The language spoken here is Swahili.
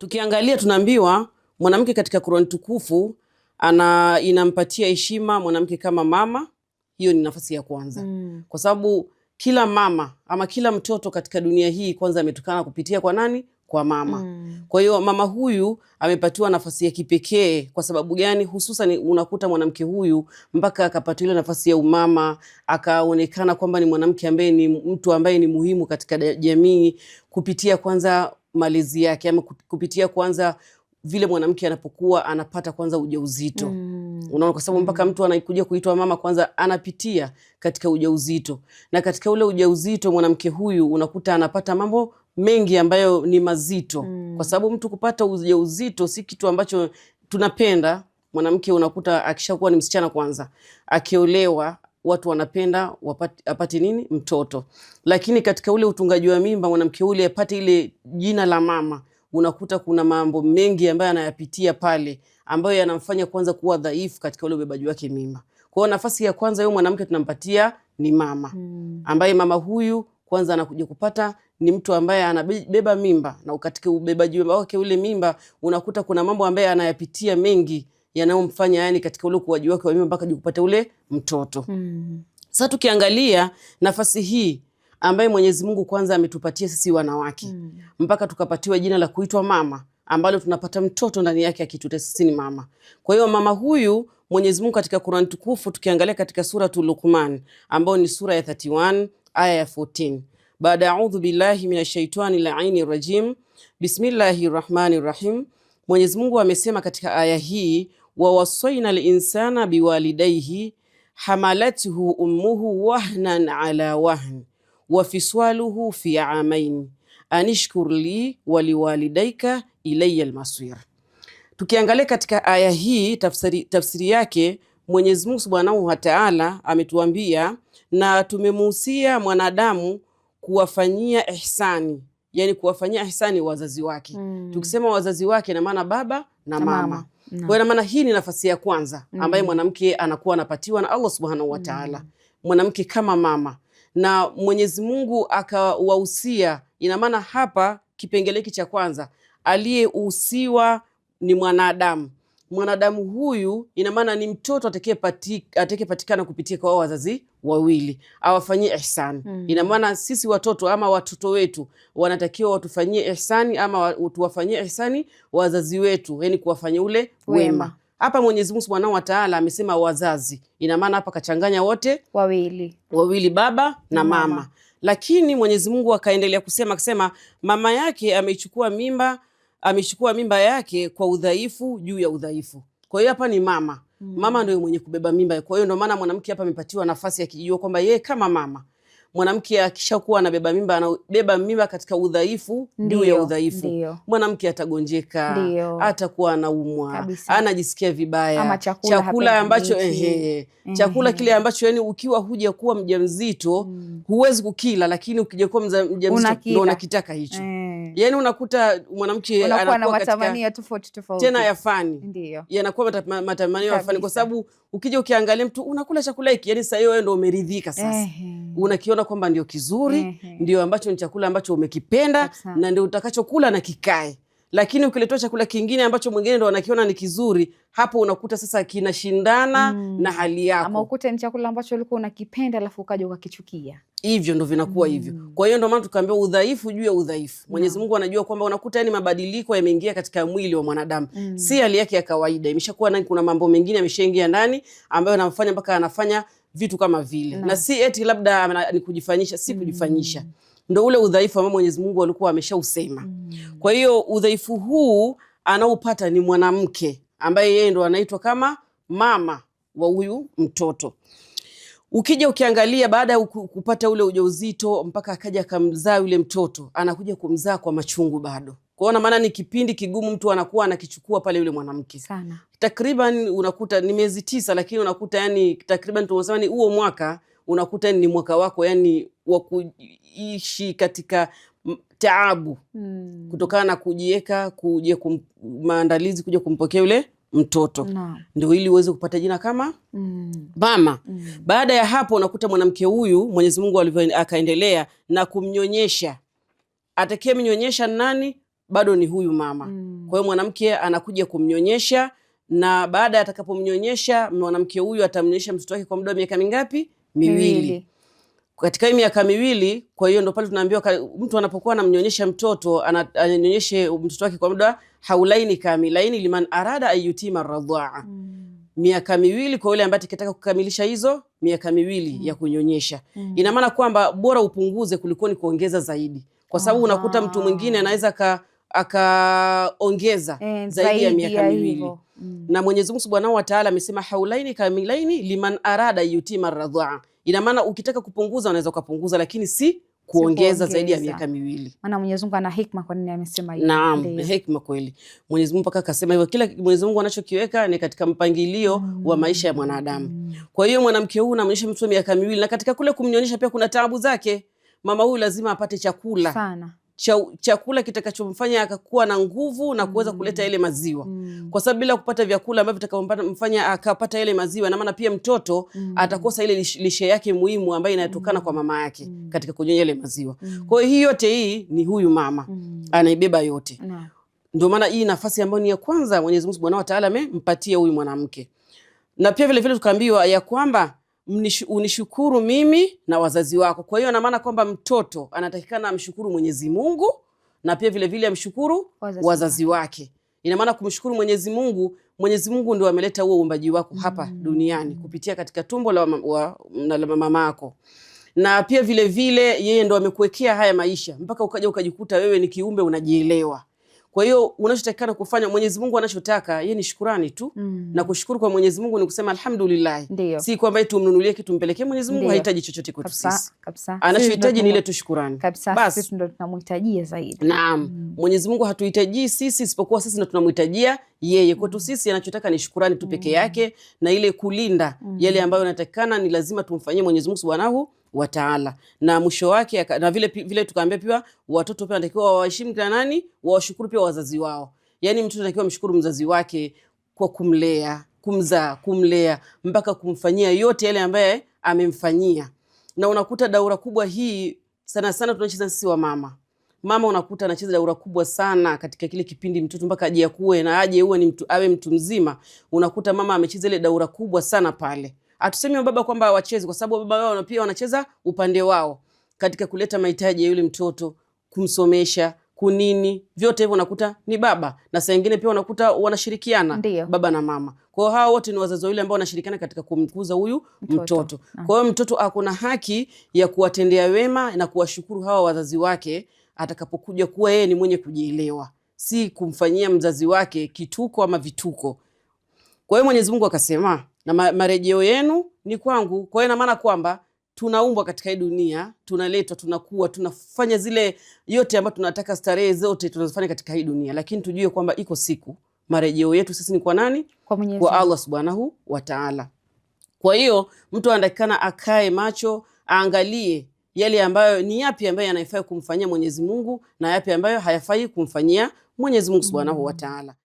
Tukiangalia tunaambiwa mwanamke katika Qur'an tukufu ana inampatia heshima mwanamke kama mama. Hiyo ni nafasi ya kwanza mm. kwa sababu kila mama ama kila mtoto katika dunia hii kwanza ametokana kupitia kwa nani? kwa mama mm. Kwa hiyo mama huyu amepatiwa nafasi ya kipekee. Kwa sababu gani? Hususan unakuta mwanamke huyu mpaka akapata ile nafasi ya umama, akaonekana kwamba ni mwanamke ambaye ni mtu ambaye ni muhimu katika jamii kupitia kwanza malezi yake ama kupitia kwanza vile mwanamke anapokuwa anapata kwanza ujauzito mm. Unaona, kwa sababu mpaka mm. mtu anakuja kuitwa mama kwanza anapitia katika ujauzito, na katika ule ujauzito mwanamke huyu unakuta anapata mambo mengi ambayo ni mazito mm. kwa sababu mtu kupata ujauzito si kitu ambacho tunapenda. Mwanamke unakuta akishakuwa ni msichana kwanza, akiolewa watu wanapenda wapati, apate nini mtoto, lakini katika ule utungaji wa mimba mwanamke ule apate ile jina la mama, unakuta kuna mambo mengi ambayo anayapitia pale ambayo yanamfanya kwanza kuwa dhaifu katika ule ubebaji wake mimba. Kwa hiyo nafasi ya kwanza huyo mwanamke tunampatia ni mama, mm. ambaye mama huyu kwanza anakuja kupata ni mtu ambaye anabeba mimba, na katika ubebaji wake ule mimba unakuta kuna mambo ambaye anayapitia mengi yanayomfanya yani, katika ule ukuaji wake wa mimba mpaka kupata ule mtoto mm. Sasa tukiangalia nafasi hii ambaye Mwenyezi Mungu kwanza ametupatia sisi wanawake mm. mpaka tukapatiwa jina la kuitwa mama ambalo tunapata mtoto ndani yake akitute sisi ni mama. Kwa hiyo mama huyu Mwenyezi Mungu katika Qur'an tukufu tukiangalia katika sura Luqman ambayo ni sura ya 31 aya ya 14 baada ya audhu billahi minashaitani laini rajim bismillahi rahmani rahim. Mwenyezi Mungu amesema katika aya hii, wawasaina linsana biwalidaihi hamalathu ummuhu wahnan ala wahn wafiswaluhu fi amain anishkur li waliwalidaika ilaya almasir. Tukiangalia katika aya hii tafsiri, tafsiri yake Mwenyezi Mungu Subhanahu wa Ta'ala ametuambia, na tumemuhusia mwanadamu kuwafanyia ihsani, yani kuwafanyia ihsani wazazi wake mm. Tukisema wazazi wake, na maana baba na mama, mama. Kwa ina maana hii ni nafasi ya kwanza mm. ambayo mwanamke anakuwa anapatiwa na Allah Subhanahu wa mm. Ta'ala, mwanamke kama mama, na Mwenyezi Mungu akawahusia. Ina maana hapa kipengele hiki cha kwanza aliyehusiwa ni mwanadamu mwanadamu huyu ina maana ni mtoto atakayepatikana kupitia kwa wazazi wawili awafanyie ihsani mm. Ina maana sisi watoto ama watoto wetu wanatakiwa watufanyie ihsani ama tuwafanyie ihsani wazazi wetu, yani kuwafanyia ule wema. Hapa Mwenyezi Mungu Subhanahu wa Ta'ala amesema wazazi, ina maana hapa kachanganya wote wawili wawili, baba na mama, mama. Lakini Mwenyezi Mungu akaendelea kusema akisema mama yake ameichukua mimba amechukua mimba yake kwa udhaifu juu ya udhaifu. Kwa hiyo hapa ni mama, mm. mama ndio mwenye kubeba mimba. Kwa hiyo ndio maana mwanamke hapa amepatiwa nafasi ya kijua kwamba yeye kama mama mwanamke akishakuwa anabeba mimba, anabeba mimba katika udhaifu juu ya udhaifu. Mwanamke atagonjeka, atakuwa anaumwa, anajisikia vibaya. Ama chakula, chakula ambacho ehe, mhm. chakula kile ambacho yani ukiwa huja kuwa mjamzito mm. huwezi kukila, lakini ukija kuwa mjamzito ndio unakitaka hicho mm. yani unakuta mwanamke anakuwa na matamanio tofauti tofauti tena ya fani, yanakuwa matamanio ya fani, kwa sababu ukija ukiangalia mtu unakula chakula hiki, yani sasa hiyo wewe ndio umeridhika sasa, unakiona utaona kwamba ndio kizuri mm -hmm. Ndio ambacho ni chakula ambacho umekipenda Kapsa. na ndio utakachokula na kikae lakini ukiletoa chakula kingine ambacho mwingine ndo anakiona ni kizuri, hapo unakuta sasa kinashindana mm. na hali yako, ama ukute ni chakula ambacho ulikuwa unakipenda alafu ukaja ukakichukia. Hivyo ndo vinakuwa mm. hivyo. Kwa hiyo ndo maana tukaambiwa udhaifu juu ya udhaifu no. Mwenyezi Mungu anajua kwamba unakuta yani mabadiliko yameingia katika mwili wa mwanadamu mm. si hali yake ya kawaida, imeshakuwa ndani, kuna mambo mengine yameshaingia ndani ambayo anamfanya mpaka anafanya vitu kama vile na, na si eti labda ni kujifanyisha, si kujifanyisha mm. Ndo ule udhaifu ambao Mwenyezi Mungu alikuwa ameshausema mm. Kwa hiyo udhaifu huu anaupata ni mwanamke ambaye yeye ndo anaitwa kama mama wa huyu mtoto. Ukija ukiangalia baada ya kupata ule ujauzito mpaka akaja akamzaa yule mtoto, anakuja kumzaa kwa machungu bado kwa hiyo maana ni kipindi kigumu mtu anakuwa anakichukua pale yule mwanamke. Sana. Takriban unakuta ni miezi tisa lakini unakuta yani takriban tunasema ni huo mwaka unakuta ni mwaka wako yani wa kuishi katika taabu hmm, Kutokana na kujieka kuja kum, maandalizi kuja kumpokea yule mtoto no. Ndio ili uweze kupata jina kama mm. mama mm. Baada ya hapo unakuta mwanamke huyu Mwenyezi Mungu alivyo akaendelea na kumnyonyesha, atakayemnyonyesha nani? bado ni huyu mama mm. Kwa hiyo mwanamke anakuja kumnyonyesha, na baada ya atakapomnyonyesha mwanamke huyu atamnyonyesha mtoto wake kwa muda wa miaka mingapi? Miwili. Katika hiyo miaka miwili, kwa hiyo ndio pale tunaambiwa mtu anapokuwa anamnyonyesha mtoto ananyonyeshe mtoto wake kwa muda haulaini laini liman arada ayutima radhaa mm. Miaka miwili kwa yule ambaye atakataka kukamilisha hizo miaka miwili mm. ya kunyonyesha mm. Ina maana kwamba bora upunguze kuliko ni kuongeza zaidi, kwa sababu unakuta mtu mwingine anaweza ka akaongeza eh, zaidi ya miaka miwili mm. na Mwenyezi Mungu Subhanahu wa Ta'ala amesema haulaini kamilaini liman arada yutima radhaa. Ina maana ukitaka kupunguza unaweza ukapunguza, lakini si kuongeza si zaidi ya miaka miwili. Maana Mwenyezi Mungu ana hikma, kwa nini amesema hivyo? Naam, hikma kweli. Mwenyezi Mungu mpaka akasema hivyo, kila Mwenyezi Mungu anachokiweka ni katika mpangilio mm. wa maisha ya mwanadamu mm. kwa hiyo mwanamke huyu namnyonyesha mtoto miaka miwili, na katika kule kumnyonyesha pia kuna taabu zake. Mama huyu lazima apate chakula sana cha chakula kitakachomfanya akakuwa na nguvu na kuweza kuleta mm. ile maziwa mm. kwa sababu bila kupata vyakula ambavyo vitakamfanya akapata ile maziwa, na maana pia mtoto mm. atakosa ile lishe yake muhimu ambayo inatokana mm. kwa mama yake mm. katika kunyonya ile maziwa mm. kwa hiyo hii yote hii ni huyu mama mm. anaibeba yote na. Ndio maana hii nafasi ambayo ni ya kwanza Mwenyezi Mungu Subhanahu wa Ta'ala amempatia huyu mwanamke, na pia vile vile tukaambiwa ya kwamba unishukuru mimi na wazazi wako. Kwa hiyo namaana kwamba mtoto anatakikana amshukuru Mwenyezi Mungu na pia vilevile amshukuru wazazi, wazazi wake. Ina maana kumshukuru Mwenyezi Mungu. Mwenyezi Mungu ndio ameleta huo uumbaji wako hapa mm, duniani kupitia katika tumbo la, la yako na pia vilevile yeye ndo amekuwekea haya maisha mpaka ukaja ukajikuta wewe ni kiumbe unajielewa kwa hiyo unachotakikana kufanya, Mwenyezi Mungu anachotaka yeye ni shukurani tu mm. na kushukuru kwa Mwenyezi Mungu ni kusema alhamdulillah, si kwamba tumnunulie kitu mpelekee Mwenyezi Mungu. Hahitaji chochote kwetu sisi, anachohitaji ni ile tu shukurani basi, ndio tunamhitajia zaidi. Naam mm. Mwenyezi Mungu hatuhitajii sisi, isipokuwa sisi ndio tunamhitajia yeye. Kwetu mm. sisi anachotaka ni shukurani tu peke mm. yake na ile kulinda mm. yale ambayo anatakikana ni lazima tumfanyie Mwenyezi Mungu subhanahu wa taala, na mwisho wake na vile, vile tukaambia pia watoto pia wanatakiwa waheshimu kila nani, wawashukuru pia wazazi wao. Yani mtoto anatakiwa mshukuru mzazi wake kwa kumlea, kumzaa, kumlea mpaka kumfanyia yote yale ambaye amemfanyia. Na unakuta daura kubwa hii sana sana tunacheza sisi wa mama mama unakuta anacheza daura kubwa sana katika kile kipindi mtoto mpaka aje akuwe na aje uwe ni mtu awe mtu mzima, unakuta mama amecheza ile daura kubwa sana pale. Hatusemi wababa kwamba hawachezi, kwa sababu wababa wao pia wanacheza upande wao katika kuleta mahitaji ya yule mtoto, kumsomesha kunini vyote hivyo unakuta ni baba, na saa nyingine pia unakuta wanashirikiana baba na mama. Kwa hiyo hawa wote ni wazazi wawili ambao wanashirikiana katika kumkuza huyu mtoto, mtoto. Ah. Kwa hiyo mtoto akona haki ya kuwatendea wema na kuwashukuru hawa wazazi wake atakapokuja kuwa yeye ni mwenye kujielewa, si kumfanyia mzazi wake kituko ama vituko. Kwa hiyo Mwenyezi Mungu akasema na marejeo yenu ni kwangu. Kwa hiyo ina maana kwamba tunaumbwa katika hii dunia, tunaletwa, tunakuwa, tunafanya zile yote ambayo tunataka, starehe zote tunazofanya katika hii dunia, lakini tujue kwamba iko siku marejeo yetu sisi ni kwa nani? Kwa Mwenyezi, kwa Allah Subhanahu wa Ta'ala. Kwa hiyo mtu anatakikana akae macho, aangalie yale ambayo ni yapi ambayo yanafaa kumfanyia Mwenyezi Mungu na yapi ambayo hayafai kumfanyia Mwenyezi Mungu Subhanahu wa mm. Ta'ala.